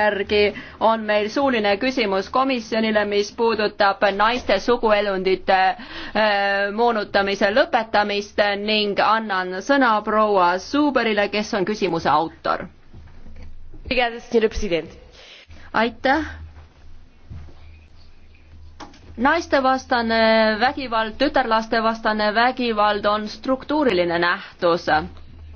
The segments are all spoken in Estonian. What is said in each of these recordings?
järgi on meil suuline küsimus komisjonile, mis puudutab naiste suguelundite äh, moonutamise lõpetamist ning annan sõna proua Suuberile, kes on küsimuse autor. aitäh naistevastane vägivald, tütarlastevastane vägivald on struktuuriline nähtus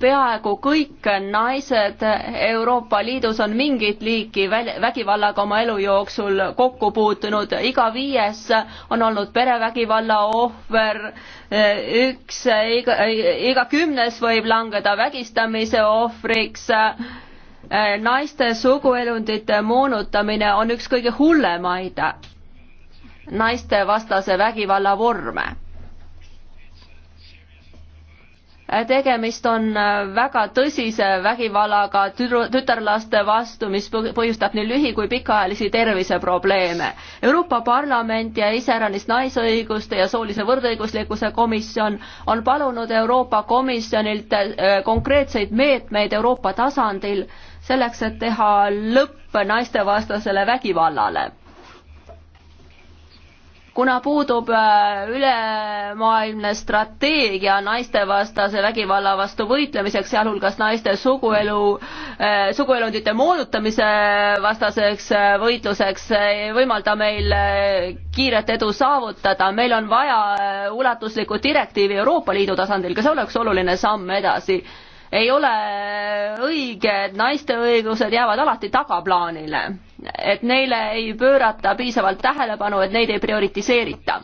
peaaegu kõik naised Euroopa Liidus on mingit liiki vägivallaga oma elu jooksul kokku puutunud, iga viies on olnud perevägivalla ohver, üks, iga, iga kümnes võib langeda vägistamise ohvriks, naiste suguelundite moonutamine on üks kõige hullemaid naistevastase vägivalla vorme tegemist on äh, väga tõsise vägivallaga tütarlaste vastu, mis põhjustab nii lühi- kui pikaajalisi terviseprobleeme. Euroopa Parlament ja iseäranis Naisõiguste ja Soolise Võrdõiguslikkuse Komisjon on palunud Euroopa Komisjonilt äh, konkreetseid meetmeid Euroopa tasandil selleks, et teha lõpp naistevastasele vägivallale kuna puudub äh, ülemaailmne strateegia naistevastase vägivalla vastu võitlemiseks, sealhulgas naiste suguelu, äh, suguelundite moodutamise vastaseks äh, võitluseks, ei võimalda meil kiiret edu saavutada, meil on vaja ulatuslikku direktiivi Euroopa Liidu tasandil, ka see oleks oluline samm edasi. ei ole õige, et naiste õigused jäävad alati tagaplaanile et neile ei pöörata piisavalt tähelepanu, et neid ei prioritiseerita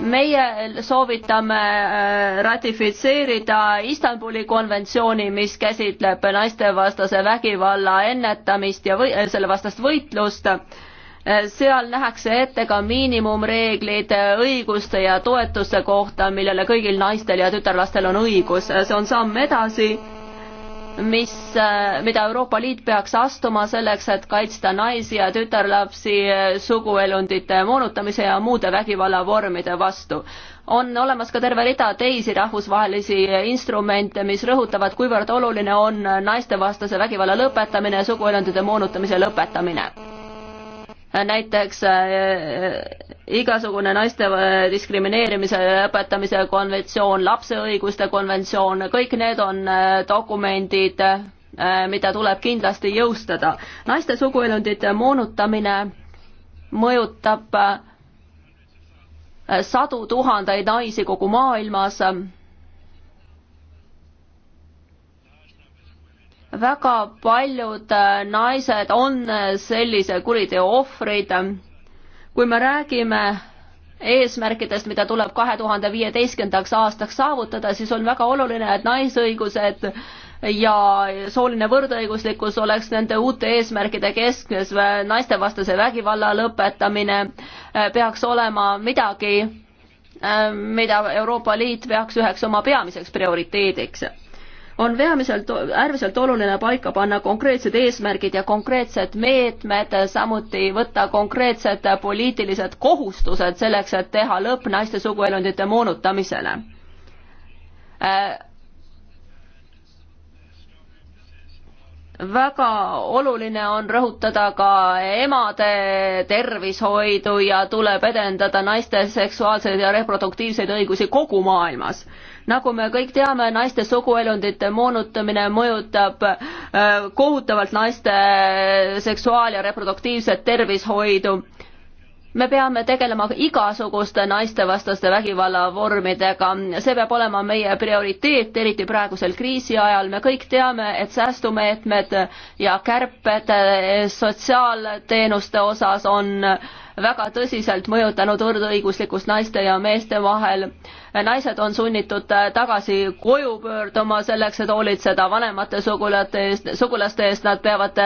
meie soovitame äh, ratifitseerida Istanbuli konventsiooni, mis käsitleb naistevastase vägivalla ennetamist ja või, äh, selle vastast võitlust. Äh, seal nähakse ette ka miinimumreeglid õiguste ja toetuste kohta, millele kõigil naistel ja tütarlastel on õigus, see on samm edasi mis, äh, mida Euroopa Liit peaks astuma selleks, et kaitsta naisi ja tütarlapsi äh, suguelundite moonutamise ja muude vägivallavormide vastu. on olemas ka terve rida teisi rahvusvahelisi äh, instrumente, mis rõhutavad, kuivõrd oluline on naistevastase vägivalla lõpetamine ja suguelundite moonutamise lõpetamine näiteks äh, äh, igasugune naiste äh, diskrimineerimise õpetamise konventsioon, lapse õiguste konventsioon, kõik need on dokumendid, mida tuleb kindlasti jõustada. naiste suguelundite moonutamine mõjutab sadu tuhandeid naisi kogu maailmas väga paljud äh, naised on äh, sellise kuriteo ohvrid. kui me räägime eesmärkidest, mida tuleb kahe tuhande viieteistkümnendaks aastaks saavutada, siis on väga oluline, et naisõigused ja sooline võrdõiguslikkus oleks nende uute eesmärkide keskmes, naistevastase vägivalla lõpetamine äh, peaks olema midagi, mida Euroopa Liit peaks üheks oma peamiseks prioriteediks on veamiselt, äärmiselt oluline paika panna konkreetsed eesmärgid ja konkreetsed meetmed, samuti võtta konkreetsed poliitilised kohustused selleks, et teha lõpp naiste suguelundite moonutamisele väga oluline on rõhutada ka emade tervishoidu ja tuleb edendada naiste seksuaalseid ja reproduktiivseid õigusi kogu maailmas nagu me kõik teame, naiste suguelundite moonutamine mõjutab äh, kohutavalt naiste seksuaal- ja reproduktiivset tervishoidu me peame tegelema igasuguste naistevastaste vägivalla vormidega, see peab olema meie prioriteet, eriti praegusel kriisi ajal, me kõik teame, et säästumeetmed ja kärped äh, sotsiaalteenuste osas on äh, väga tõsiselt mõjutanud võrdõiguslikkust naiste ja meeste vahel. naised on sunnitud tagasi koju pöörduma selleks, et hoolitseda vanemate sugulaste eest, sugulaste eest, nad peavad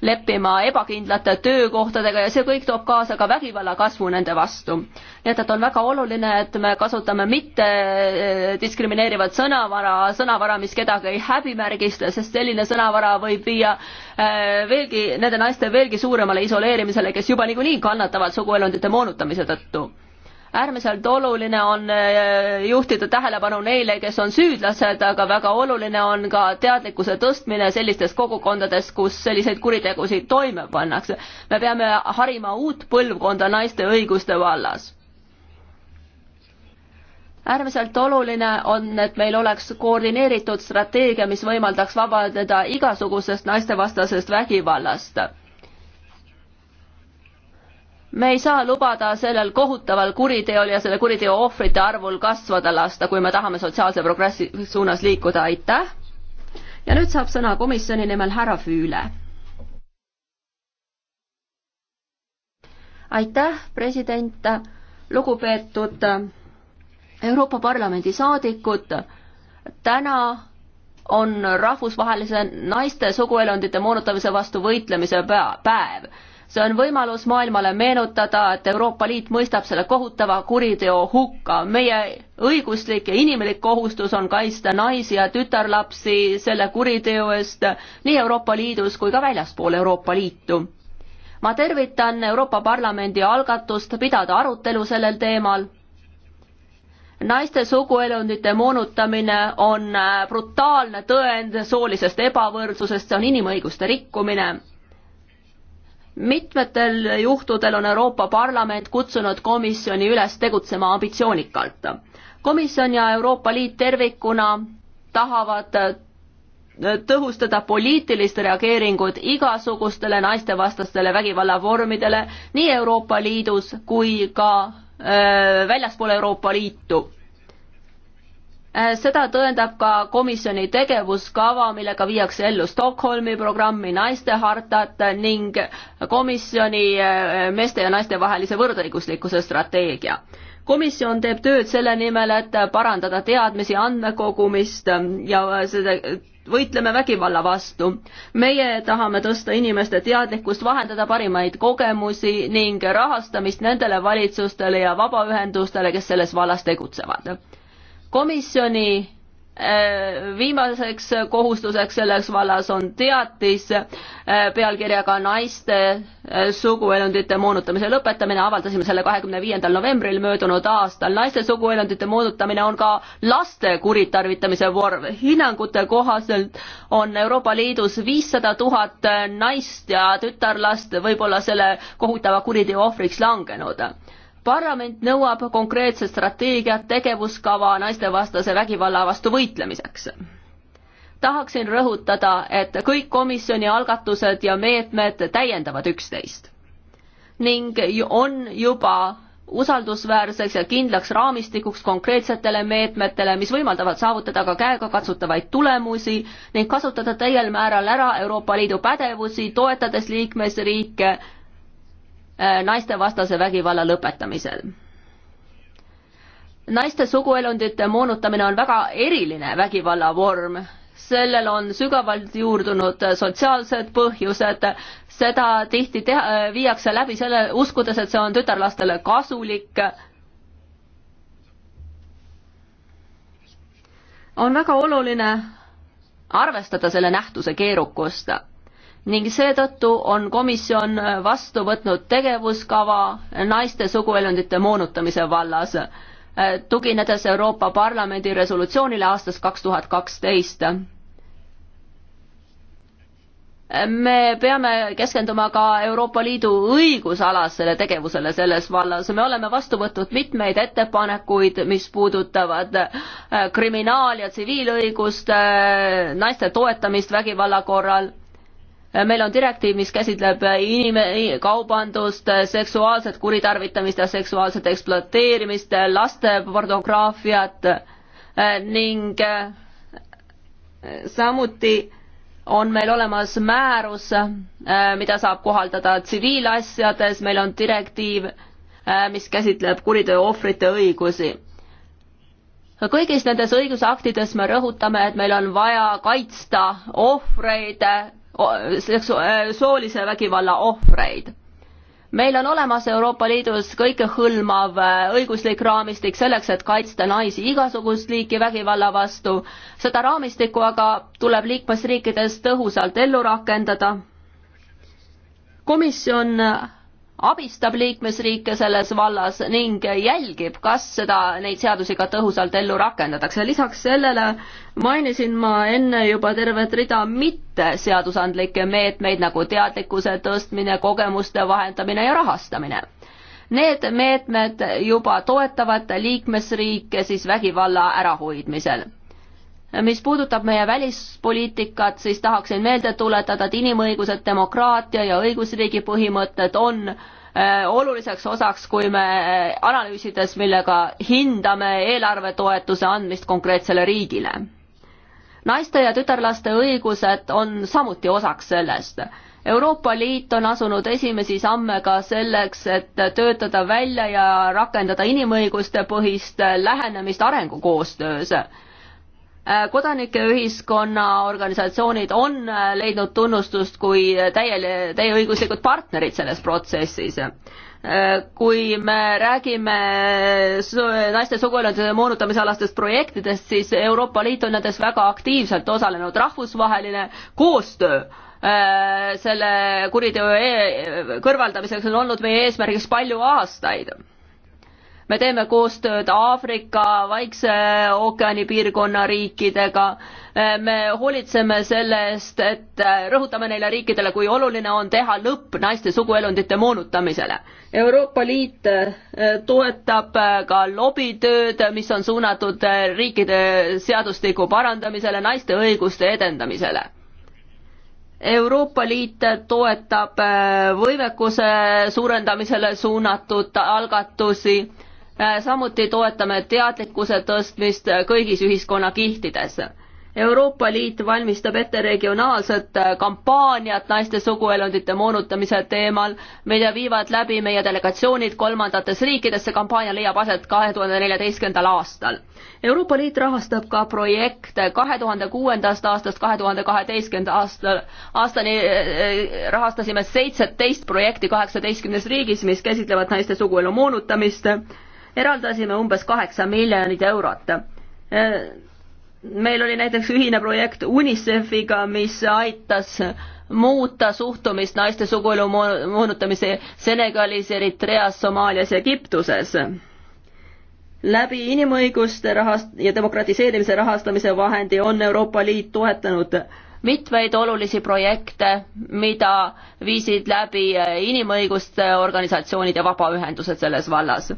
leppima ebakindlate töökohtadega ja see kõik toob kaasa ka vägivalla kasvu nende vastu. nii et, et on väga oluline, et me kasutame mitte eh, diskrimineerivat sõnavara, sõnavara, mis kedagi ei häbimärgista, sest selline sõnavara võib viia Äh, veelgi, nende naiste veelgi suuremale isoleerimisele, kes juba niikuinii kannatavad suguelundite moonutamise tõttu äärmiselt oluline on äh, juhtida tähelepanu neile, kes on süüdlased, aga väga oluline on ka teadlikkuse tõstmine sellistes kogukondades, kus selliseid kuritegusid toime pannakse. me peame harima uut põlvkonda naiste õiguste vallas äärmiselt oluline on, et meil oleks koordineeritud strateegia, mis võimaldaks vabaneda igasugusest naistevastasest vägivallast. me ei saa lubada sellel kohutaval kuriteol ja selle kuriteo ohvrite arvul kasvada lasta, kui me tahame sotsiaalse progressi suunas liikuda, aitäh. ja nüüd saab sõna komisjoni nimel härra Füüle. aitäh, president, lugupeetud Euroopa Parlamendi saadikud, täna on rahvusvahelise naiste suguelundite moonutamise vastu võitlemise päev. see on võimalus maailmale meenutada, et Euroopa Liit mõistab selle kohutava kuriteo hukka. meie õiguslik ja inimlik kohustus on kaitsta naisi ja tütarlapsi selle kuriteo eest nii Euroopa Liidus kui ka väljaspool Euroopa Liitu. ma tervitan Euroopa Parlamendi algatust pidada arutelu sellel teemal naiste suguelundite moonutamine on äh, brutaalne tõend soolisest ebavõrdsusest, see on inimõiguste rikkumine. mitmetel juhtudel on Euroopa Parlament kutsunud komisjoni üles tegutsema ambitsioonikalt. komisjon ja Euroopa Liit tervikuna tahavad äh, tõhustada poliitilist reageeringut igasugustele naistevastastele vägivallavormidele nii Euroopa Liidus kui ka äh, väljaspool Euroopa Liitu. Äh, seda tõendab ka komisjoni tegevuskava, millega viiakse ellu Stockholmi programmi naistehartat ning komisjoni äh, meeste ja naiste vahelise võrdõiguslikkuse strateegia. komisjon teeb tööd selle nimel, et parandada teadmisi andmekogumist ja äh, seda võitleme vägivalla vastu. meie tahame tõsta inimeste teadlikkust, vahendada parimaid kogemusi ning rahastamist nendele valitsustele ja vabaühendustele, kes selles vallas tegutsevad komisjoni äh, viimaseks kohustuseks selles vallas on teatis äh, pealkirjaga naiste äh, suguelundite moonutamise lõpetamine, avaldasime selle kahekümne viiendal novembril möödunud aastal. naiste suguelundite moonutamine on ka laste kuritarvitamise vorm. hinnangute kohaselt on Euroopa Liidus viissada tuhat naist ja tütarlast võib-olla selle kohutava kuriteo ohvriks langenud parlament nõuab konkreetset strateegiat, tegevuskava naistevastase vägivalla vastu võitlemiseks. tahaksin rõhutada, et kõik komisjoni algatused ja meetmed täiendavad üksteist ning on juba usaldusväärseks ja kindlaks raamistikuks konkreetsetele meetmetele, mis võimaldavad saavutada ka käegakatsutavaid tulemusi ning kasutada täiel määral ära Euroopa Liidu pädevusi, toetades liikmesriike Äh, naistevastase vägivalla lõpetamisel. naiste suguelundite moonutamine on väga eriline vägivalla vorm, sellel on sügavalt juurdunud sotsiaalsed põhjused, seda tihti teha, äh, viiakse läbi selle, uskudes, et see on tütarlastele kasulik. on väga oluline arvestada selle nähtuse keerukust ning seetõttu on komisjon vastu võtnud tegevuskava naiste suguelundite moonutamise vallas, tuginedes Euroopa Parlamendi resolutsioonile aastast kaks tuhat kaksteist. me peame keskenduma ka Euroopa Liidu õigusalasele tegevusele selles vallas, me oleme vastu võtnud mitmeid ettepanekuid, mis puudutavad äh, kriminaal- ja tsiviilõigust, äh, naiste toetamist vägivalla korral meil on direktiiv, mis käsitleb inim-, kaubandust, seksuaalset kuritarvitamist ja seksuaalset ekspluateerimist, laste pornograafiat eh, ning eh, samuti on meil olemas määrus, eh, mida saab kohaldada tsiviilasjades, meil on direktiiv, mis käsitleb kuriteo ohvrite õigusi kõigis nendes õigusaktides me rõhutame, et meil on vaja kaitsta ohvreid Äh, soolise vägivalla ohvreid. meil on olemas Euroopa Liidus kõikehõlmav äh, õiguslik raamistik selleks, et kaitsta naisi igasugust liiki vägivalla vastu. seda raamistikku aga tuleb liikmesriikides tõhusalt ellu rakendada. komisjon abistab liikmesriike selles vallas ning jälgib, kas seda, neid seadusi ka tõhusalt ellu rakendatakse. lisaks sellele mainisin ma enne juba tervet rida mitteseadusandlikke meetmeid nagu teadlikkuse tõstmine, kogemuste vahendamine ja rahastamine. Need meetmed juba toetavad liikmesriike siis vägivalla ärahoidmisel mis puudutab meie välispoliitikat, siis tahaksin meelde tuletada, et inimõigused, demokraatia ja õigusriigi põhimõtted on äh, oluliseks osaks, kui me äh, analüüsides, millega hindame eelarvetoetuse andmist konkreetsele riigile. naiste ja tütarlaste õigused on samuti osaks sellest. Euroopa Liit on asunud esimesi samme ka selleks, et töötada välja ja rakendada inimõiguste põhist lähenemist arengukoostöös Äh, kodanikeühiskonna organisatsioonid on äh, leidnud tunnustust kui täiel-, täieõiguslikud partnerid selles protsessis. Äh, kui me räägime naiste suguelundide moonutamise alastest projektidest, siis Euroopa Liit on nendes väga aktiivselt osalenud, rahvusvaheline koostöö selle kuriteo e kõrvaldamiseks on olnud meie eesmärgiks palju aastaid me teeme koostööd Aafrika, Vaikse ookeani piirkonna riikidega, eh, me hoolitseme selle eest, et eh, rõhutame neile riikidele, kui oluline on teha lõpp naiste suguelundite moonutamisele. Euroopa Liit eh, toetab ka lobitööd, mis on suunatud riikide seadustiku parandamisele, naiste õiguste edendamisele Euroopa Liit toetab võimekuse suurendamisele suunatud algatusi Äh, samuti toetame teadlikkuse tõstmist kõigis ühiskonnakihtides. Euroopa Liit valmistab ette regionaalset äh, kampaaniat naiste suguelundite moonutamise teemal, mida viivad läbi meie delegatsioonid kolmandates riikides, see kampaania leiab aset kahe tuhande neljateistkümnendal aastal. Euroopa Liit rahastab ka projekte kahe tuhande kuuendast aastast kahe tuhande kaheteistkümnenda aasta, aastani äh, rahastasime seitseteist projekti kaheksateistkümnes riigis, mis käsitlevad naiste suguelu moonutamist eraldasime umbes kaheksa miljonit eurot. Äh, meil oli näiteks ühine projekt UNICEF-iga, mis aitas muuta suhtumist naiste sugulu moonutamise Senegalis, Eritreas, Somaalias ja Egiptuses. läbi inimõiguste rahast- ja demokratiseerimise rahastamise vahendi on Euroopa Liit toetanud mitmeid olulisi projekte, mida viisid läbi inimõiguste organisatsioonid ja vabaühendused selles vallas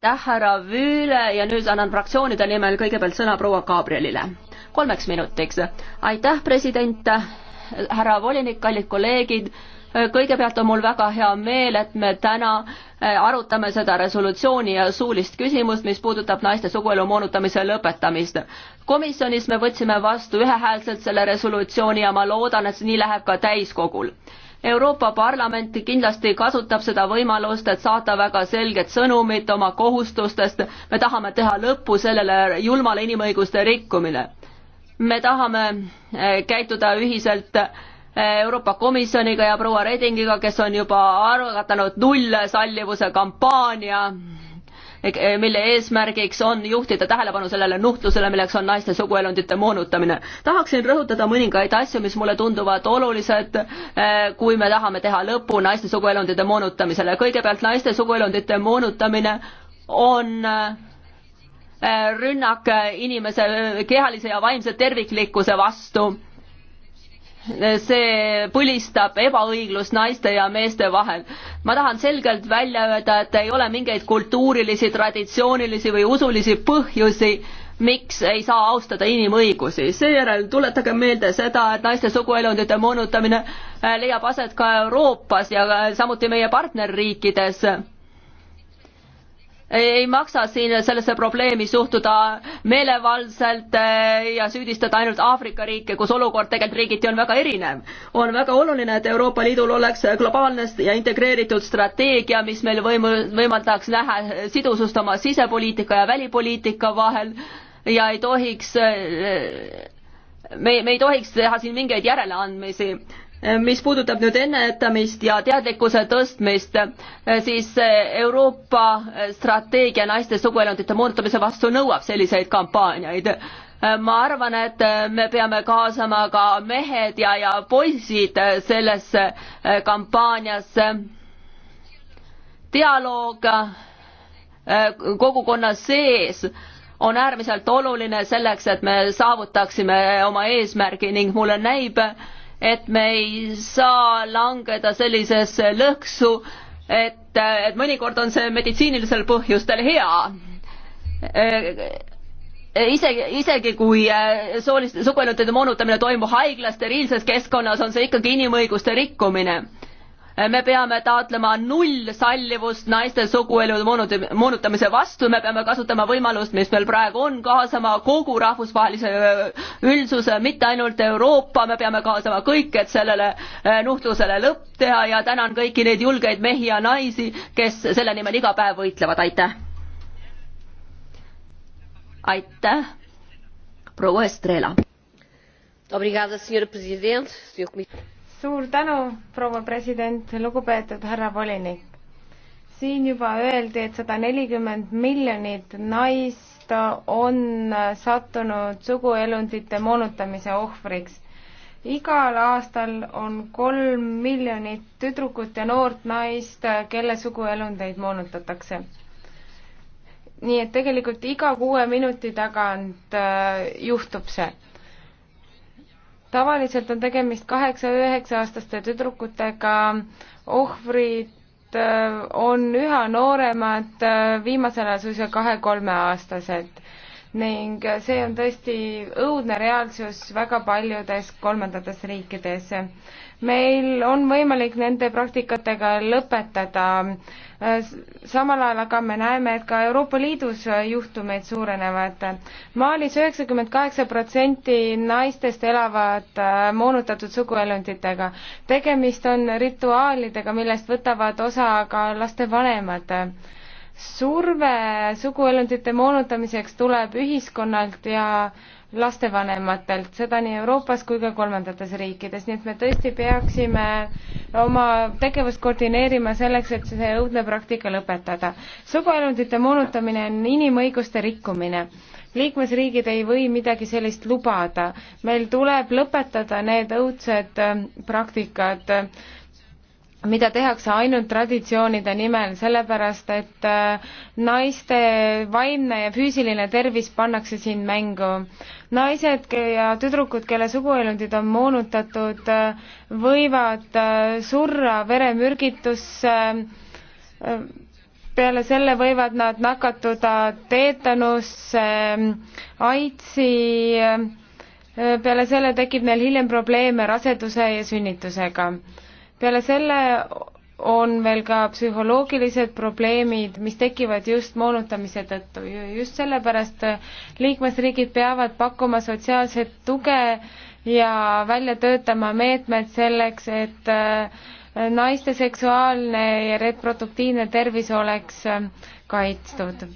aitäh, härra Vüüle ja nüüd annan fraktsioonide nimel kõigepealt sõna proua Gabrielile. kolmeks minutiks. aitäh, president, härra volinik, kallid kolleegid kõigepealt on mul väga hea meel, et me täna eh, arutame seda resolutsiooni ja suulist küsimust, mis puudutab naiste suguelu moonutamise lõpetamist. komisjonis me võtsime vastu ühehäälselt selle resolutsiooni ja ma loodan, et see nii läheb ka täiskogul Euroopa Parlament kindlasti kasutab seda võimalust, et saata väga selget sõnumit oma kohustustest. me tahame teha lõpu sellele julmale inimõiguste rikkumine. me tahame eh, käituda ühiselt eh, Euroopa Komisjoniga ja proua Redingiga, kes on juba algatanud nullsallivuse kampaania Eh, mille eesmärgiks on juhtida tähelepanu sellele nuhtlusele, milleks on naiste suguelundite moonutamine. tahaksin rõhutada mõningaid asju, mis mulle tunduvad olulised, eh, kui me tahame teha lõpu naiste suguelundite moonutamisele. kõigepealt naiste suguelundite moonutamine on eh, rünnak inimese kehalise ja vaimse terviklikkuse vastu see põlistab ebaõiglust naiste ja meeste vahel. ma tahan selgelt välja öelda, et ei ole mingeid kultuurilisi, traditsioonilisi või usulisi põhjusi, miks ei saa austada inimõigusi. seejärel tuletage meelde seda, et naiste suguelundite moonutamine leiab aset ka Euroopas ja samuti meie partnerriikides ei maksa siin sellesse probleemi suhtuda meelevaldselt eh, ja süüdistada ainult Aafrika riike, kus olukord tegelikult riigiti on väga erinev. on väga oluline, et Euroopa Liidul oleks globaalne ja integreeritud strateegia, mis meil võim-, võimaldaks näha sidusust oma sisepoliitika ja välipoliitika vahel ja ei tohiks eh, me, me ei tohiks teha siin mingeid järeleandmisi mis puudutab nüüd ennetamist ja teadlikkuse tõstmist, siis Euroopa strateegia naiste suguelundite moonutamise vastu nõuab selliseid kampaaniaid. ma arvan, et me peame kaasama ka mehed ja, ja poisid sellesse kampaaniasse. dialoog eh, kogukonna sees on äärmiselt oluline selleks, et me saavutaksime oma eesmärgi ning mulle näib, et me ei saa langeda sellisesse lõksu, et, et mõnikord on see meditsiinilisel põhjustel hea äh, äh, isegi, isegi kui äh, sooliste, suguelundite moonutamine toimub haiglas, steriilses keskkonnas, on see ikkagi inimõiguste rikkumine me peame taotlema nullsallivust naiste suguelu moonutamise vastu, me peame kasutama võimalust, mis meil praegu on, kaasama kogu rahvusvahelise üldsuse, mitte ainult Euroopa, me peame kaasama kõik, et sellele nuhtlusele lõpp teha ja tänan kõiki neid julgeid mehi ja naisi, kes selle nimel iga päev võitlevad, aitäh! aitäh, proua Estrela! suur tänu, proua president, lugupeetud härra volinik. siin juba öeldi, et sada nelikümmend miljonit naist on sattunud suguelundite moonutamise ohvriks. igal aastal on kolm miljonit tüdrukut ja noort naist, kelle suguelundeid moonutatakse nii et tegelikult iga kuue minuti tagant äh, juhtub see tavaliselt on tegemist kaheksa-üheksa-aastaste tüdrukutega, ohvrid äh, on üha nooremad, äh, viimasel ajal suisa kahe-kolmeaastased ning see on tõesti õudne reaalsus väga paljudes kolmandates riikides. meil on võimalik nende praktikatega lõpetada, äh, samal ajal aga me näeme, et ka Euroopa Liidus äh, juhtumeid suurenevad. Malis üheksakümmend kaheksa protsenti naistest elavad äh, moonutatud suguelunditega. tegemist on rituaalidega, millest võtavad osa ka laste vanemad surve suguelundite moonutamiseks tuleb ühiskonnalt ja lastevanematelt, seda nii Euroopas kui ka kolmandates riikides, nii et me tõesti peaksime oma tegevust koordineerima selleks, et see õudne praktika lõpetada. suguelundite moonutamine on inimõiguste rikkumine. liikmesriigid ei või midagi sellist lubada. meil tuleb lõpetada need õudsed äh, praktikad mida tehakse ainult traditsioonide nimel, sellepärast et äh, naiste vaimne ja füüsiline tervis pannakse siin mängu. naised ja tüdrukud, kelle suguelundid on moonutatud, äh, võivad äh, surra veremürgitusse, peale selle võivad nad nakatuda teetanusse, aidsi, peale selle tekib neil hiljem probleeme raseduse ja sünnitusega peale selle on veel ka psühholoogilised probleemid, mis tekivad just moonutamise tõttu. just sellepärast liikmesriigid peavad pakkuma sotsiaalset tuge ja välja töötama meetmed selleks, et äh, naiste seksuaalne ja reproduktiivne tervis oleks äh, kaitstud.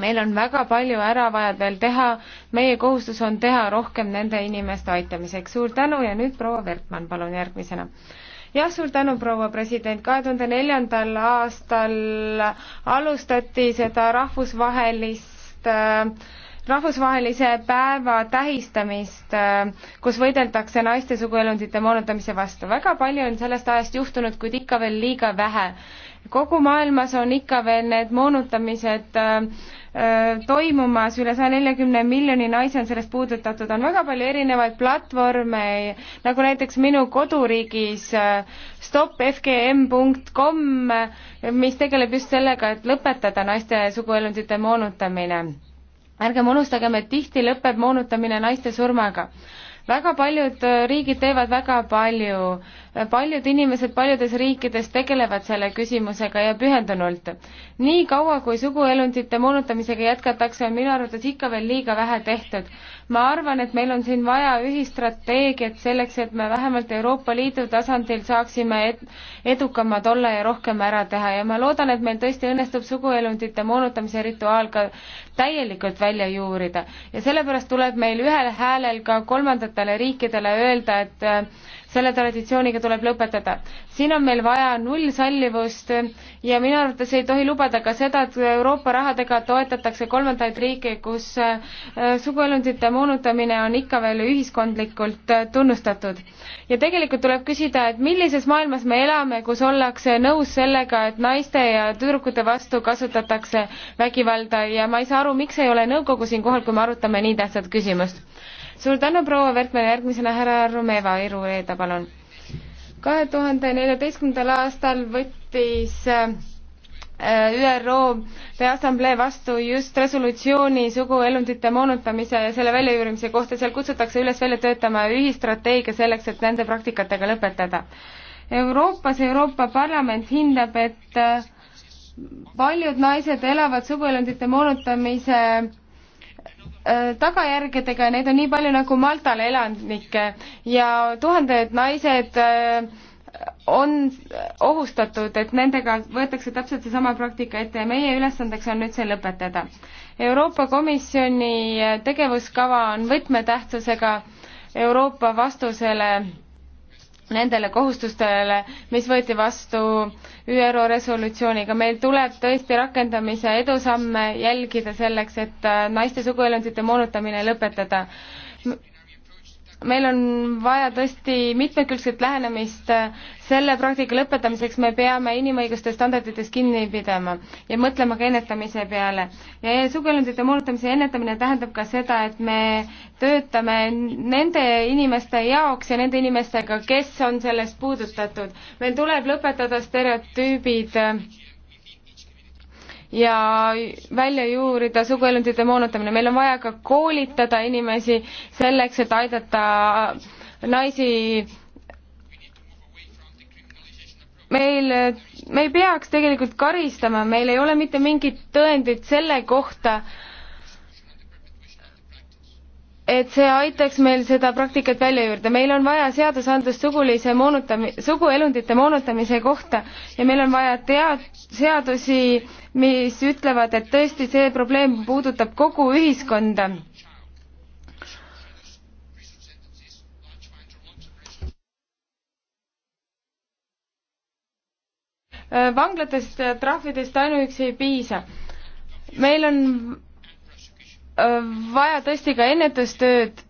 meil on väga palju ära vaja veel teha, meie kohustus on teha rohkem nende inimeste aitamiseks. suur tänu ja nüüd proua Vertmann, palun järgmisena jah, suur tänu, proua president, kahe tuhande neljandal aastal alustati seda rahvusvahelist äh, rahvusvahelise päeva tähistamist, äh, kus võideldakse naiste suguelundite moonutamise vastu. väga palju on sellest ajast juhtunud, kuid ikka veel liiga vähe kogu maailmas on ikka veel need moonutamised äh, äh toimumas, üle saja neljakümne miljoni naise on sellest puudutatud, on väga palju erinevaid platvorme, nagu näiteks minu koduriigis äh, stopfgm.com, mis tegeleb just sellega, et lõpetada naiste suguelundite moonutamine. ärgem unustagem, et tihti lõpeb moonutamine naiste surmaga. väga paljud äh, riigid teevad väga palju äh, paljud inimesed paljudes riikides tegelevad selle küsimusega ja pühendunult. nii kaua, kui suguelundite moonutamisega jätkatakse, on minu arvates ikka veel liiga vähe tehtud. ma arvan, et meil on siin vaja ühistrateegiat selleks, et me vähemalt Euroopa Liidu tasandil saaksime edukamad olla ja rohkem ära teha ja ma loodan, et meil tõesti õnnestub suguelundite moonutamise rituaal ka täielikult välja juurida ja sellepärast tuleb meil ühel häälel ka kolmandatele riikidele öelda, et selle traditsiooniga tuleb lõpetada. siin on meil vaja nullsallivust ja minu arvates ei tohi lubada ka seda, et Euroopa rahadega toetatakse kolmandaid riike, kus äh, suguelundite moonutamine on ikka veel ühiskondlikult äh, tunnustatud. ja tegelikult tuleb küsida, et millises maailmas me elame, kus ollakse nõus sellega, et naiste ja tüdrukute vastu kasutatakse vägivalda ja ma ei saa aru, miks ei ole nõukogu siinkohal, kui me arutame nii tähtsat küsimust suur tänu, proua Verkmann, järgmisena härra Rumeva, Iru Reeda, palun. kahe tuhande neljateistkümnendal aastal võttis äh, ÜRO Peaassamblee vastu just resolutsiooni suguelundite moonutamise ja selle väljajuurimise kohta, seal kutsutakse üles välja töötama ühistrateegia selleks, et nende praktikatega lõpetada. Euroopas Euroopa Parlament hindab, et äh, paljud naised elavad suguelundite moonutamise Äh, tagajärgedega, neid on nii palju nagu Maltal elanikke ja tuhanded naised äh, on ohustatud, et nendega võetakse täpselt seesama praktika ette ja meie ülesandeks on nüüd see lõpetada. Euroopa Komisjoni tegevuskava on võtmetähtsusega Euroopa vastusele nendele kohustustele, mis võeti vastu ÜRO resolutsiooniga. meil tuleb tõesti rakendamise edusamme jälgida selleks, et äh, naiste suguelundite moonutamine lõpetada meil on vaja tõesti mitmekülgset lähenemist äh, selle praktika lõpetamiseks, me peame inimõiguste standarditest kinni pidama ja mõtlema ka ennetamise peale. ja suguelundite moonutamise ennetamine tähendab ka seda, et me töötame nende inimeste jaoks ja nende inimestega, kes on sellest puudutatud. meil tuleb lõpetada stereotüübid äh, ja välja juurida suguelundite moonutamine. meil on vaja ka koolitada inimesi selleks, et aidata naisi meil, me ei peaks tegelikult karistama, meil ei ole mitte mingit tõendit selle kohta, et see aitaks meil seda praktikat välja juurde. meil on vaja seadusandlust sugulise moonutami-, suguelundite moonutamise kohta ja meil on vaja tead-, seadusi, mis ütlevad, et tõesti see probleem puudutab kogu ühiskonda. vanglatest ja trahvidest ainuüksi ei piisa. meil on vaja tõesti ka ennetustööd.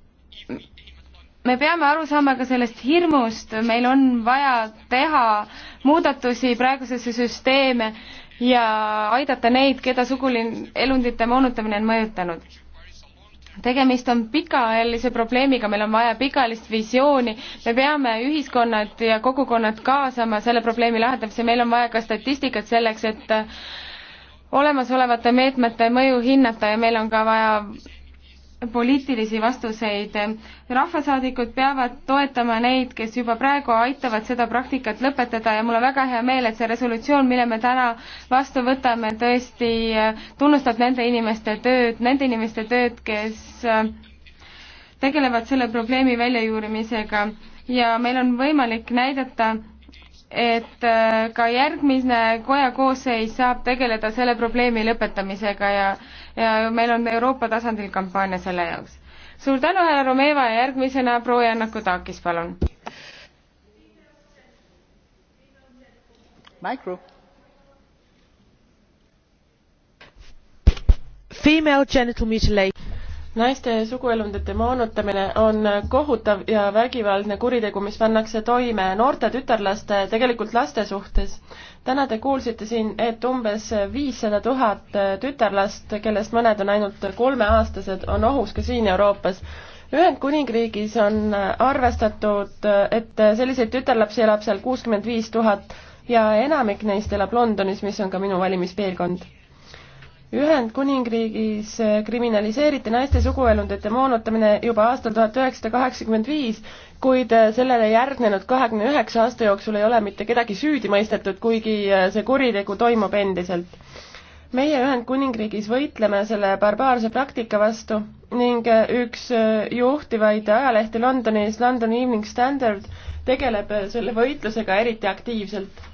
me peame aru saama ka sellest hirmust, meil on vaja teha muudatusi praegusesse süsteeme ja aidata neid, keda sugulelundite moonutamine on mõjutanud. tegemist on pikaajalise probleemiga, meil on vaja pikaajalist visiooni, me peame ühiskonnad ja kogukonnad kaasama selle probleemi lahendamisse, meil on vaja ka statistikat selleks, et olemasolevate meetmete mõju hinnata ja meil on ka vaja poliitilisi vastuseid. rahvasaadikud peavad toetama neid, kes juba praegu aitavad seda praktikat lõpetada ja mul on väga hea meel, et see resolutsioon, mille me täna vastu võtame, tõesti tunnustab nende inimeste tööd, nende inimeste tööd, kes tegelevad selle probleemi väljajuurimisega ja meil on võimalik näidata, et äh, ka järgmine koja koosseis saab tegeleda selle probleemi lõpetamisega ja, ja meil on Euroopa tasandil kampaania selle jaoks. suur tänu, härra Romeva ja järgmisena proua Jannaku Taakis, palun. Micro. Female genital mutilation naiste suguelundite moonutamine on kohutav ja vägivaldne kuritegu, mis pannakse toime noorte tütarlaste, tegelikult laste suhtes. täna te kuulsite siin, et umbes viissada tuhat tütarlast, kellest mõned on ainult kolmeaastased, on ohus ka siin Euroopas Ühendkuningriigis on arvestatud, et selliseid tütarlapsi elab seal kuuskümmend viis tuhat ja enamik neist elab Londonis, mis on ka minu valimispiirkond Ühendkuningriigis kriminaliseeriti naiste suguelundite moonutamine juba aastal tuhat üheksasada kaheksakümmend viis, kuid sellele järgnenud kahekümne üheksa aasta jooksul ei ole mitte kedagi süüdi mõistetud, kuigi see kuritegu toimub endiselt. meie Ühendkuningriigis võitleme selle barbaarse praktika vastu ning üks juhtivaid ajalehti Londonis, London Evening Standard, tegeleb selle võitlusega eriti aktiivselt.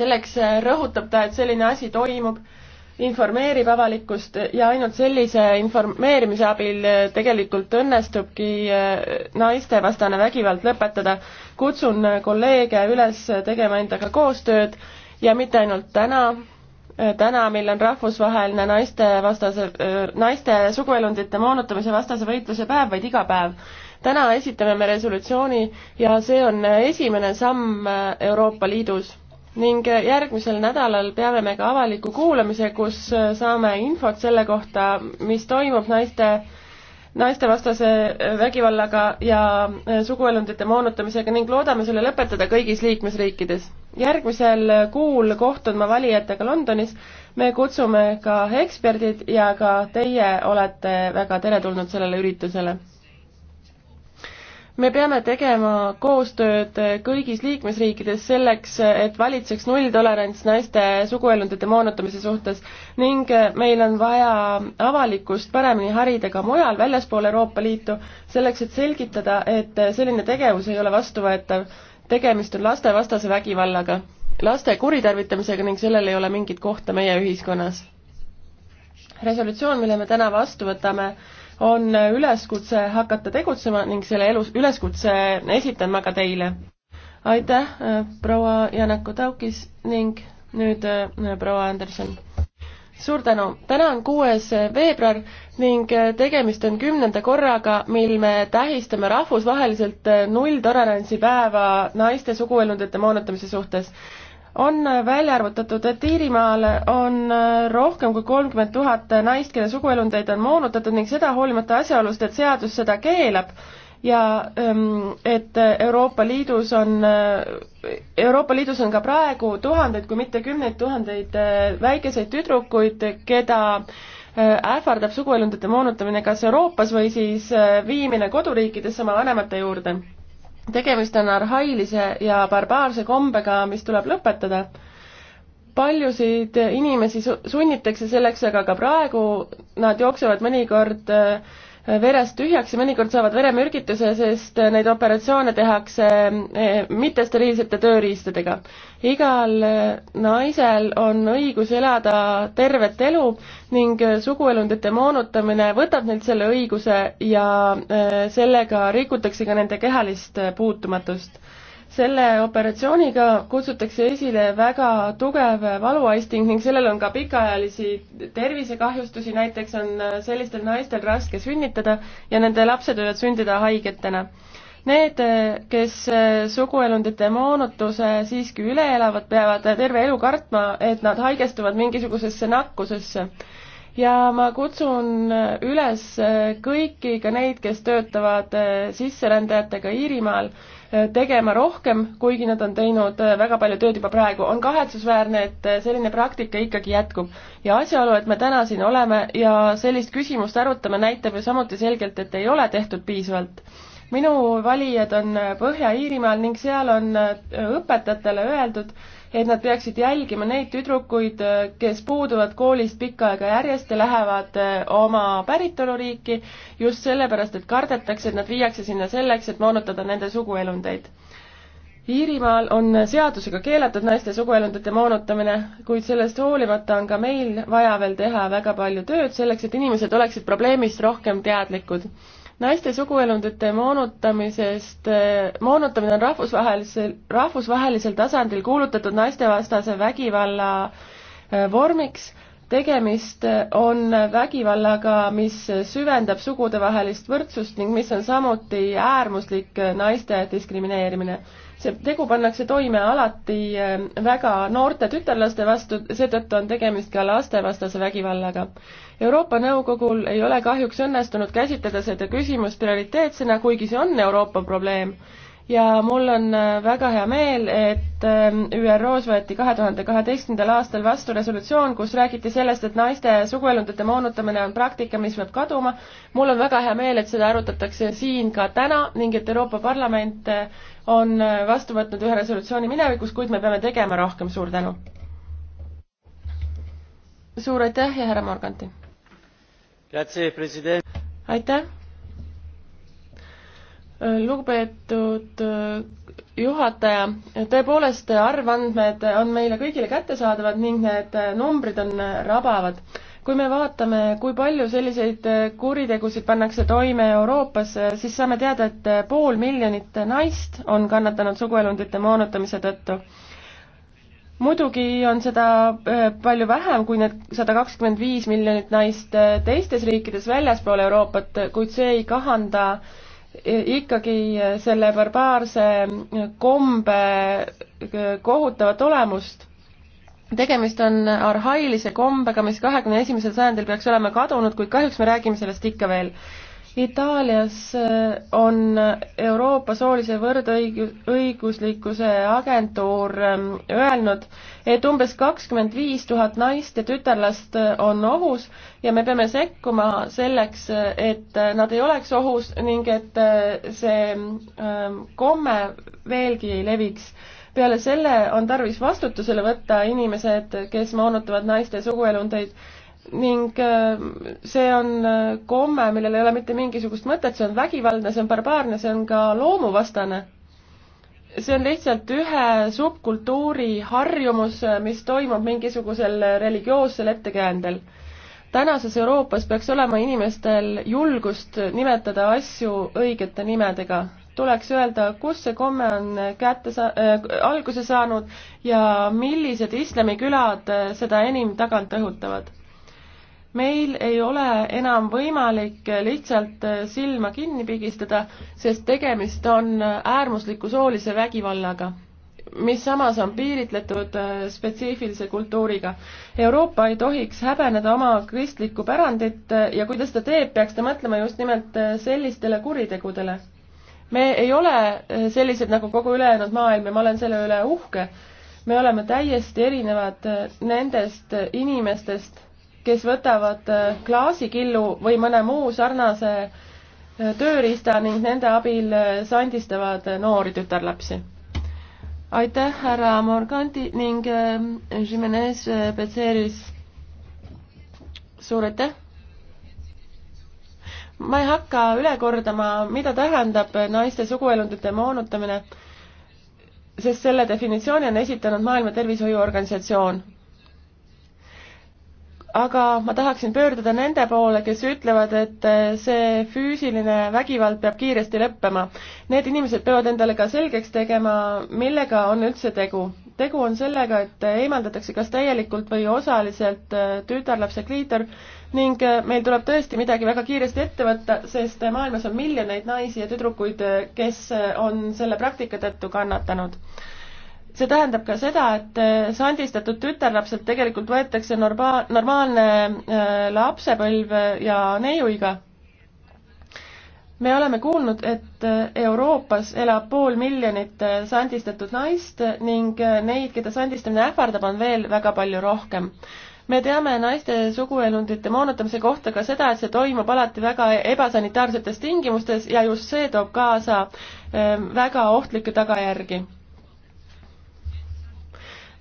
selleks rõhutab ta, et selline asi toimub informeerib avalikkust ja ainult sellise informeerimise abil äh, tegelikult õnnestubki äh, naistevastane vägivald lõpetada. kutsun äh, kolleege üles tegema endaga koostööd ja mitte ainult täna, täna, mil on rahvusvaheline naistevastase, naiste suguelundite moonutamise vastase võitluse päev, vaid iga päev. täna esitame me resolutsiooni ja see on esimene samm Euroopa Liidus ning järgmisel nädalal peame me ka avaliku kuulamise, kus äh, saame infot selle kohta, mis toimub naiste naistevastase äh, vägivallaga ja äh, suguelundite moonutamisega ning loodame selle lõpetada kõigis liikmesriikides. järgmisel kuul kohtun ma valijatega Londonis, me kutsume ka eksperdid ja ka teie olete väga teretulnud sellele üritusele me peame tegema koostööd kõigis liikmesriikides selleks, et valitseks nulltolerants naiste suguelundite moonutamise suhtes ning meil on vaja avalikkust paremini harida ka mujal, väljaspool Euroopa Liitu, selleks et selgitada, et selline tegevus ei ole vastuvõetav. tegemist on lastevastase vägivallaga, laste kuritarvitamisega ning sellel ei ole mingit kohta meie ühiskonnas resolutsioon, mille me täna vastu võtame, on üleskutse hakata tegutsema ning selle elus, üleskutse esitan ma ka teile. aitäh, äh, proua Janaku Taukis ning nüüd äh, proua Anderson. suur tänu, täna on kuues äh, veebruar ning tegemist on kümnenda korraga, mil me tähistame rahvusvaheliselt nulltolerantsi päeva naiste suguelundite moonutamise suhtes on äh, välja arvutatud, et Iirimaal on äh, rohkem kui kolmkümmend tuhat naist, kelle suguelundeid on moonutatud ning seda hoolimata asjaolust, et seadus seda keelab ja ähm, et Euroopa Liidus on, äh, Euroopa Liidus on ka praegu tuhandeid, kui mitte kümneid tuhandeid väikeseid tüdrukuid, keda ähvardab suguelundite moonutamine kas Euroopas või siis viimine koduriikidesse oma vanemate juurde tegemist on arhailise ja barbaarse kombega, mis tuleb lõpetada. paljusid inimesi sunnitakse selleks, aga ka praegu nad jooksevad mõnikord äh, verest tühjaks ja mõnikord saavad veremürgituse, sest neid operatsioone tehakse eh, mittesteriilsete tööriistadega. igal eh, naisel on õigus elada tervet elu ning eh, suguelundite moonutamine võtab neilt selle õiguse ja sellega rikutakse ka nende kehalist puutumatust selle operatsiooniga kutsutakse esile väga tugev valuaisting ning sellel on ka pikaajalisi tervisekahjustusi, näiteks on sellistel naistel raske sünnitada ja nende lapsed võivad sündida haigetena. Need, kes suguelundite moonutuse siiski üle elavad, peavad terve elu kartma, et nad haigestuvad mingisugusesse nakkusesse ja ma kutsun üles kõiki, ka neid, kes töötavad äh, sisserändajatega Iirimaal, äh, tegema rohkem, kuigi nad on teinud äh, väga palju tööd juba praegu. on kahetsusväärne, et selline praktika ikkagi jätkub. ja asjaolu, et me täna siin oleme ja sellist küsimust arutame, näitab ju samuti selgelt, et ei ole tehtud piisavalt minu valijad on Põhja-Iirimaal ning seal on õpetajatele öeldud, et nad peaksid jälgima neid tüdrukuid, kes puuduvad koolist pikka aega järjest ja lähevad eh, oma päritoluriiki just sellepärast, et kardetakse, et nad viiakse sinna selleks, et moonutada nende suguelundeid Iirimaal on seadusega keelatud naiste suguelundite moonutamine, kuid sellest hoolimata on ka meil vaja veel teha väga palju tööd selleks, et inimesed oleksid probleemist rohkem teadlikud naiste suguelundite moonutamisest, moonutamine on rahvusvahelisel, rahvusvahelisel tasandil kuulutatud naistevastase vägivalla äh, vormiks tegemist on vägivallaga, mis süvendab sugudevahelist võrdsust ning mis on samuti äärmuslik naiste diskrimineerimine. see tegu pannakse toime alati eh, väga noorte tütarlaste vastu, seetõttu on tegemist ka lastevastase vägivallaga. Euroopa Nõukogul ei ole kahjuks õnnestunud käsitleda seda küsimust prioriteetsena, kuigi see on Euroopa probleem ja mul on äh, väga hea meel, et äh, ÜRO-s võeti kahe tuhande kaheteistkümnendal aastal vastu resolutsioon, kus räägiti sellest, et naiste suguelundite moonutamine on praktika, mis peab kaduma. mul on väga hea meel, et seda arutatakse siin ka täna ning et Euroopa Parlament äh, on vastu võtnud ühe resolutsiooni minevikus, kuid me peame tegema rohkem, suur tänu. suur aitäh ja härra Morganti. aitäh lugupeetud äh, juhataja, tõepoolest arvandmed on meile kõigile kättesaadavad ning need äh, numbrid on äh, rabavad. kui me vaatame, kui palju selliseid kuritegusid pannakse toime Euroopas, siis saame teada, et pool miljonit naist on kannatanud suguelundite moonutamise tõttu muidugi on seda palju vähem kui need sada kakskümmend viis miljonit naist teistes riikides väljaspool Euroopat, kuid see ei kahanda äh, ikkagi selle barbaarse kombe kohutavat olemust. tegemist on arhailise kombega, mis kahekümne esimesel sajandil peaks olema kadunud, kuid kahjuks me räägime sellest ikka veel Itaalias äh, on Euroopa soolise võrdõiguslikkuse agentuur ähm, öelnud, et umbes kakskümmend viis tuhat naist ja tütarlast äh, on ohus ja me peame sekkuma selleks, äh, et nad ei oleks ohus ning et see ähm, komme veelgi ei leviks peale selle on tarvis vastutusele võtta inimesed, kes moonutavad naiste suguelundeid ning äh, see on äh, komme, millel ei ole mitte mingisugust mõtet, see on vägivaldne, see on barbaarne, see on ka loomuvastane. see on lihtsalt ühe subkultuuri harjumus, äh, mis toimub mingisugusel religioossel ettekäändel. tänases Euroopas peaks olema inimestel julgust nimetada asju õigete nimedega. tuleks öelda, kus see komme on kätte sa- äh,, alguse saanud ja millised islamikülad seda enim tagant õhutavad meil ei ole enam võimalik lihtsalt silma kinni pigistada, sest tegemist on äärmusliku soolise vägivallaga, mis samas on piiritletud spetsiifilise kultuuriga. Euroopa ei tohiks häbeneda oma kristlikku pärandit ja kui ta seda teeb, peaks ta mõtlema just nimelt sellistele kuritegudele. me ei ole sellised nagu kogu ülejäänud maailm ja ma olen selle üle uhke. me oleme täiesti erinevad nendest inimestest kes võtavad äh, klaasikillu või mõne muu sarnase äh, tööriista ning nende abil äh, sandistavad noori tütarlapsi. aitäh, härra Morganti ning Jimenez Petseris. suur aitäh! ma ei hakka üle kordama, mida tähendab naiste suguelundite moonutamine, sest selle definitsiooni on esitanud Maailma Tervishoiuorganisatsioon aga ma tahaksin pöörduda nende poole, kes ütlevad, et eh, see füüsiline vägivald peab kiiresti lõppema. Need inimesed peavad endale ka selgeks tegema, millega on üldse tegu. tegu on sellega, et eh, eemaldatakse kas täielikult või osaliselt eh, tütarlapse kliitor ning meil tuleb tõesti midagi väga kiiresti ette võtta, sest maailmas on miljoneid naisi ja tüdrukuid, kes on selle praktika tõttu kannatanud see tähendab ka seda, et äh, sandistatud tütarlapselt tegelikult võetakse norma-, normaalne äh, lapsepõlv äh, ja neiuiga. me oleme kuulnud, et Euroopas elab pool miljonit sandistatud naist ning neid, keda sandistamine ähvardab, on veel väga palju rohkem me teame naiste suguelundite moonutamise kohta ka seda, et see toimub alati väga ebasanitaarsetes tingimustes ja just see toob kaasa väga ohtlikke tagajärgi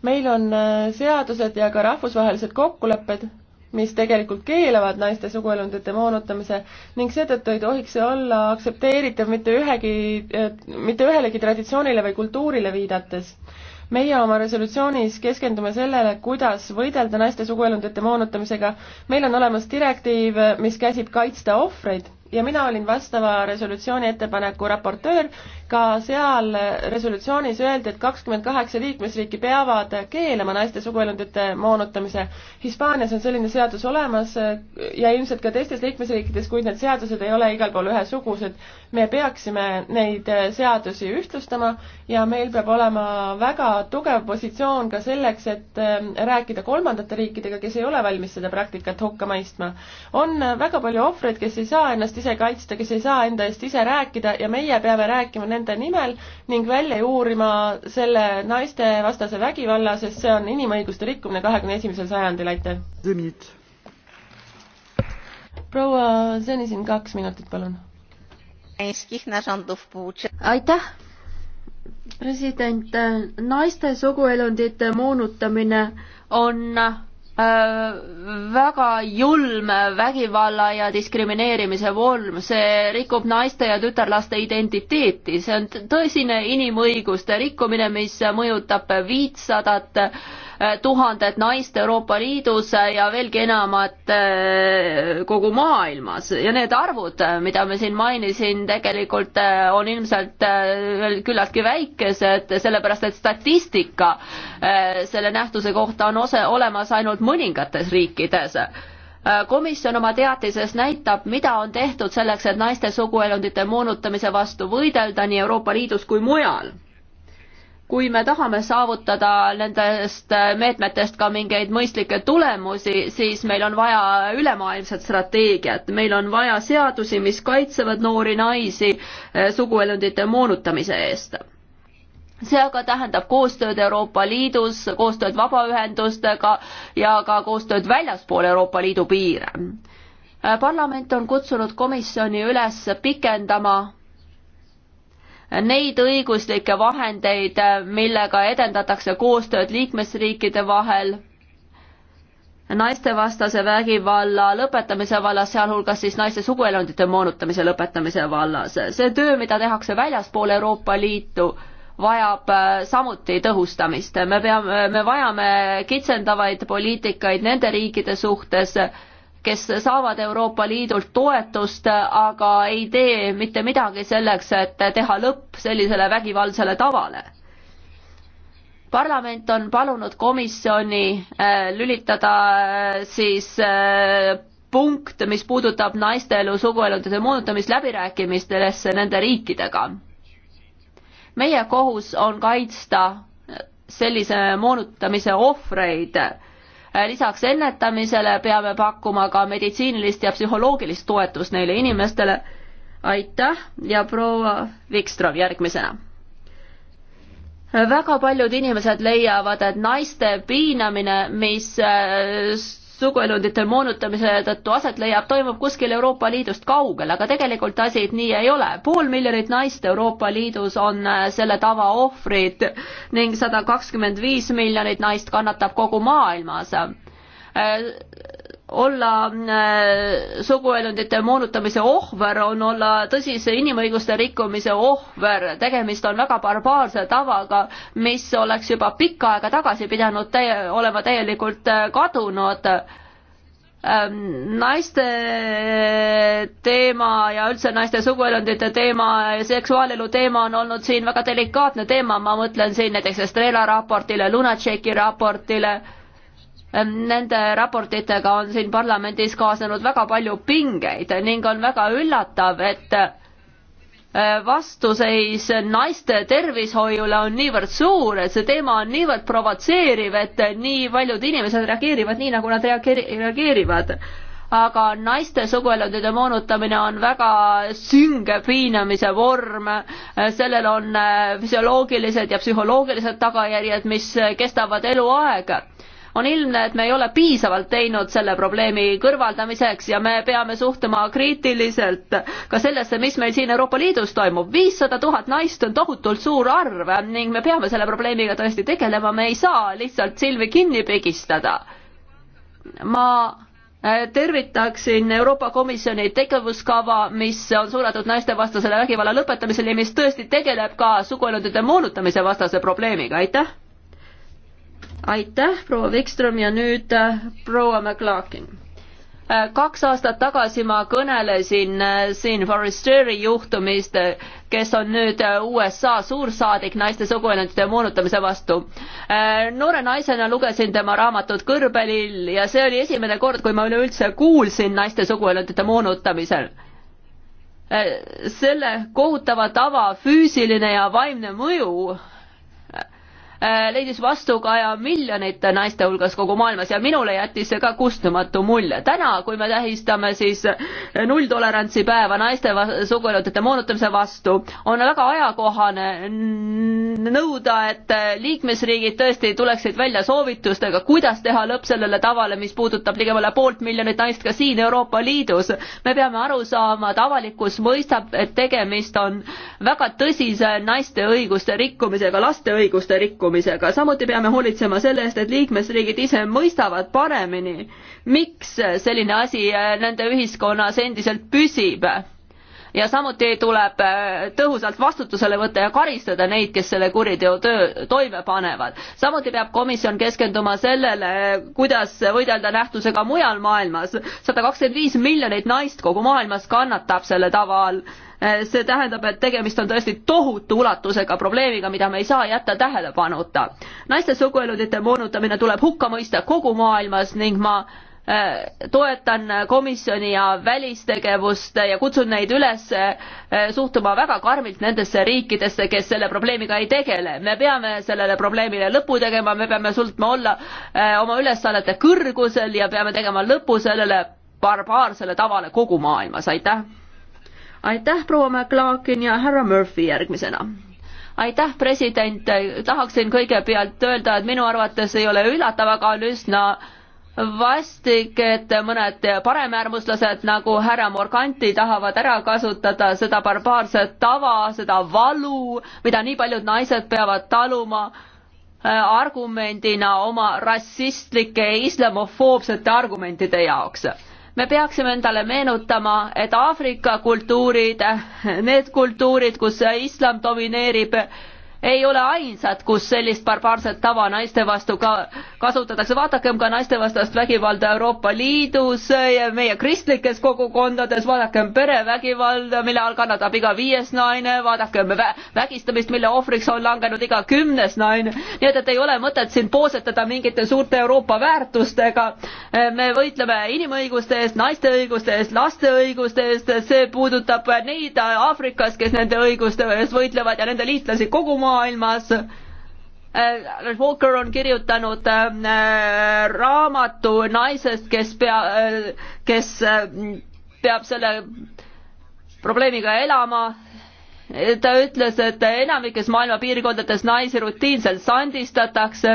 meil on äh, seadused ja ka rahvusvahelised kokkulepped, mis tegelikult keelavad naiste suguelundite moonutamise ning seetõttu ei tohiks see olla aktsepteeritav mitte ühegi, mitte ühelegi traditsioonile või kultuurile viidates. meie oma resolutsioonis keskendume sellele, kuidas võidelda naiste suguelundite moonutamisega. meil on olemas direktiiv, mis käsib kaitsta ohvreid ja mina olin vastava resolutsiooni ettepaneku raportöör ka seal resolutsioonis öeldi, et kakskümmend kaheksa liikmesriiki peavad keelama naiste suguelundite moonutamise. Hispaanias on selline seadus olemas ja ilmselt ka teistes liikmesriikides, kuid need seadused ei ole igal pool ühesugused. me peaksime neid seadusi ühtlustama ja meil peab olema väga tugev positsioon ka selleks, et eh, rääkida kolmandate riikidega, kes ei ole valmis seda praktikat hukka mõistma. on väga palju ohvreid, kes ei saa ennast ise kaitsta, kes ei saa enda eest ise rääkida ja meie peame rääkima nende nimel ning välja uurima selle naistevastase vägivalla, sest see on inimõiguste rikkumine kahekümne esimesel sajandil, aitäh! proua Senisin, kaks minutit, palun. aitäh! president, naiste suguelundite moonutamine on Äh, väga julm vägivalla ja diskrimineerimise vorm, see rikub naiste ja tütarlaste identiteeti, see on tõsine inimõiguste rikkumine, mis mõjutab viitsadat Eh, tuhanded naist Euroopa Liidus eh, ja veelgi enamat eh, kogu maailmas ja need arvud, mida me siin mainisin, tegelikult on ilmselt veel küllaltki väikesed, sellepärast et statistika selle nähtuse kohta on ose, olemas ainult mõningates riikides komisjon oma teatises näitab, mida on tehtud selleks, et naiste suguelundite moonutamise vastu võidelda nii Euroopa Liidus kui mujal kui me tahame saavutada nendest meetmetest ka mingeid mõistlikke tulemusi, siis meil on vaja ülemaailmset strateegiat, meil on vaja seadusi, mis kaitsevad noori naisi eh, suguelundite moonutamise eest see aga tähendab koostööd Euroopa Liidus, koostööd vabaühendustega ja ka koostööd väljaspool Euroopa Liidu piire. Eh, parlament on kutsunud komisjoni üles pikendama neid õiguslikke vahendeid, millega edendatakse koostööd liikmesriikide vahel naistevastase vägivalla lõpetamise vallas, sealhulgas siis naiste suguelundite moonutamise lõpetamise vallas. see töö, mida tehakse väljaspool Euroopa Liitu, vajab äh, samuti tõhustamist. me peame, me vajame kitsendavaid poliitikaid nende riikide suhtes, kes saavad Euroopa Liidult toetust, aga ei tee mitte midagi selleks, et teha lõpp sellisele vägivaldsele tavale. parlament on palunud komisjoni äh, lülitada äh, siis äh, punkt, mis puudutab naiste elu suguelundide moonutamist läbirääkimistesse nende riikidega. meie kohus on kaitsta sellise moonutamise ohvreid Äh, lisaks ennetamisele peame pakkuma ka meditsiinilist ja psühholoogilist toetust neile inimestele. aitäh ja proua Vikström järgmisena. Äh, väga paljud inimesed leiavad, et naiste piinamine, mis äh, suguelunditel moonutamise tõttu aset leiab, toimub kuskil Euroopa Liidust kaugel, aga tegelikult asjad nii ei ole. pool miljonit naist Euroopa Liidus on äh, selle tava ohvrid ning sada kakskümmend viis miljonit naist kannatab kogu maailmas äh, olla äh, suguelundite moonutamise ohver, on olla tõsise inimõiguste rikkumise ohver, tegemist on väga barbaarse tavaga, mis oleks juba pikka aega tagasi pidanud täie, olema täielikult äh, kadunud ähm, naiste teema ja üldse naiste suguelundite teema ja seksuaalelu teema on olnud siin väga delikaatne teema, ma mõtlen siin näiteks Estrela raportile, Lunacheki raportile Ehm, nende raportitega on siin parlamendis kaasnenud väga palju pingeid ning on väga üllatav, et ehm, vastuseis naiste tervishoiule on niivõrd suur, et see teema on niivõrd provotseeriv, et nii paljud inimesed reageerivad nii, nagu nad reageerivad aga naiste suguelundide moonutamine on väga sünge piinamise vorm, sellel on ehm, füsioloogilised ja psühholoogilised tagajärjed, mis kestavad eluaeg on ilmne, et me ei ole piisavalt teinud selle probleemi kõrvaldamiseks ja me peame suhtuma kriitiliselt ka sellesse, mis meil siin Euroopa Liidus toimub. viissada tuhat naist on tohutult suur arv ning me peame selle probleemiga tõesti tegelema, me ei saa lihtsalt silmi kinni pigistada. ma eh, tervitaksin Euroopa Komisjoni tegevuskava, mis on suunatud naistevastasele vägivalla lõpetamisele ja mis tõesti tegeleb ka suguelundite moonutamise vastase probleemiga, aitäh! aitäh, proua Vikström ja nüüd äh, proua McLaughlin äh, kaks aastat tagasi ma kõnelesin äh, siin Foresteri juhtumist, kes on nüüd USA suursaadik naiste suguelundite moonutamise vastu. noore naisena lugesin tema raamatut Kõrbelill ja see oli esimene kord, kui ma üleüldse kuulsin naiste suguelundite moonutamisel selle kohutava tava füüsiline ja vaimne mõju Äh, leidis vastukaja miljonite naiste hulgas kogu maailmas ja minule jättis see ka kustumatu mulje. täna, kui me tähistame siis nulltolerantsi päeva naiste suguelundite moonutamise vastu, on väga ajakohane nõuda, et liikmesriigid tõesti tuleksid välja soovitustega, kuidas teha lõpp sellele tavale, mis puudutab ligemale poolt miljonit naist ka siin Euroopa Liidus. me peame aru saama, et avalikkus mõistab, et tegemist on väga tõsise naiste õiguste rikkumisega, laste õiguste rikkumisega pakkumisega. samuti peame hoolitsema selle eest, et liikmesriigid ise mõistavad paremini, miks selline asi äh, nende ühiskonnas endiselt püsib ja samuti tuleb äh, tõhusalt vastutusele võtta ja karistada neid, kes selle kuriteo töö toime panevad. samuti peab komisjon keskenduma sellele, kuidas võidelda nähtusega mujal maailmas. sada kakskümmend viis miljonit naist kogu maailmas kannatab selle tava all. Äh, see tähendab, et tegemist on tõesti tohutu ulatusega probleemiga, mida me ei saa jätta tähelepanuta. naiste suguelundite moonutamine tuleb hukka mõista kogu maailmas ning ma Äh, toetan komisjoni ja välistegevust ja kutsun neid üles äh, suhtuma väga karmilt nendesse riikidesse, kes selle probleemiga ei tegele. me peame sellele probleemile lõpu tegema, me peame suutma olla äh, oma ülesannete kõrgusel ja peame tegema lõpu sellele barbaarsele tavale kogu maailmas, aitäh! aitäh, proua McLaughlin ja härra Murphy järgmisena! aitäh, president, tahaksin kõigepealt öelda, et minu arvates ei ole üllatav, aga on üsna äh, vastik, et mõned paremäärmuslased nagu härra Morganti tahavad ära kasutada seda barbaarset tava, seda valu, mida nii paljud naised peavad taluma äh, argumendina oma rassistlike islamofoobsete argumentide jaoks. me peaksime endale meenutama, et Aafrika kultuurid, äh, need kultuurid, kus islam domineerib, ei ole ainsad, kus sellist barbaarset tava naiste vastu ka kasutatakse, vaadakem ka naistevastast vägivalda Euroopa Liidus ja meie kristlikes kogukondades, vaadakem perevägivalda, mille all kannatab iga viies naine, vaadakem vä vägistamist, mille ohvriks on langenud iga kümnes naine, nii et, et ei ole mõtet siin poosetada mingite suurte Euroopa väärtustega. me võitleme inimõiguste eest, naiste õiguste eest, laste õiguste eest, see puudutab neid Aafrikas, kes nende õiguste eest võitlevad ja nende liitlasi kogu maailmas maailmas. Äh, Walker on kirjutanud äh, raamatu naisest, kes pea, äh, kes peab selle probleemiga elama. ta ütles, et enamikes maailma piirkondades naisi rutiinselt sandistatakse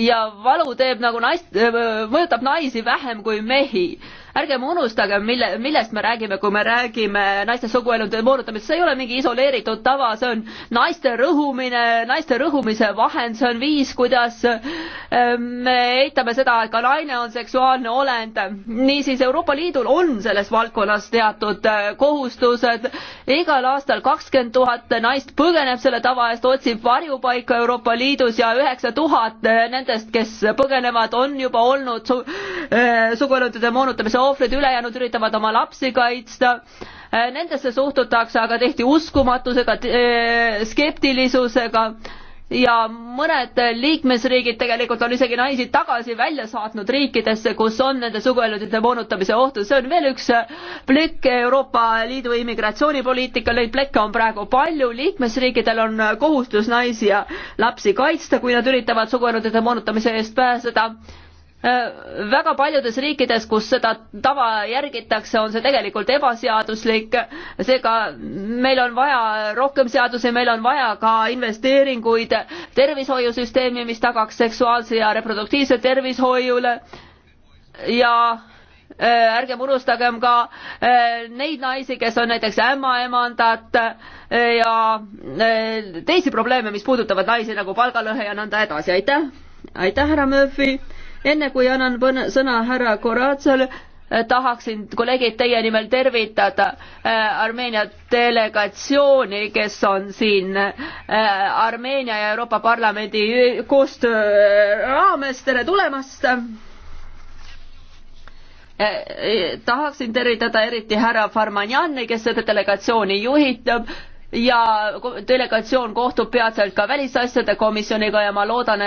ja valu teeb nagu naist, mõjutab naisi vähem kui mehi ärgem unustagem, mille, millest me räägime, kui me räägime naiste suguelundite moonutamist, see ei ole mingi isoleeritud tava, see on naiste rõhumine, naiste rõhumise vahend, see on viis, kuidas äh, me eitame seda, et ka naine on seksuaalne olend. niisiis, Euroopa Liidul on selles valdkonnas teatud äh, kohustused, igal aastal kakskümmend tuhat naist põgeneb selle tava eest, otsib varjupaika Euroopa Liidus ja üheksa tuhat äh, nendest, kes põgenevad, on juba olnud su-, suguelundide moonutamise ohvrid, ülejäänud üritavad oma lapsi kaitsta. Äh, nendesse suhtutakse aga tihti uskumatusega, äh, skeptilisusega ja mõned liikmesriigid tegelikult on isegi naisi tagasi välja saatnud riikidesse, kus on nende suguelundite moonutamise ohtu, see on veel üks äh, plekk Euroopa Liidu immigratsioonipoliitikal, neid plekke on praegu palju, liikmesriikidel on kohustus naisi ja lapsi kaitsta, kui nad üritavad suguelundite moonutamise eest pääseda Äh, väga paljudes riikides, kus seda tava järgitakse, on see tegelikult ebaseaduslik, seega meil on vaja rohkem seadusi, meil on vaja ka investeeringuid tervishoiusüsteemi, mis tagaks seksuaalse ja reproduktiivse tervishoiule ja äh, ärgem unustagem ka äh, neid naisi, kes on näiteks ämmaemandad ja teisi probleeme, mis puudutavad naisi nagu palgalõhe ja nõnda edasi, aitäh! aitäh, härra Murphy! enne kui annan sõna härra Koratsale, eh, tahaksin kolleegid teie nimel tervitada eh, Armeenia delegatsiooni, kes on siin eh, Armeenia ja Euroopa Parlamendi koostöö raames, tere tulemast! tahaksin tervitada eriti härra Farmanjani, kes seda delegatsiooni juhitab ja delegatsioon kohtub peatselt ka välisasjade komisjoniga ja ma loodan,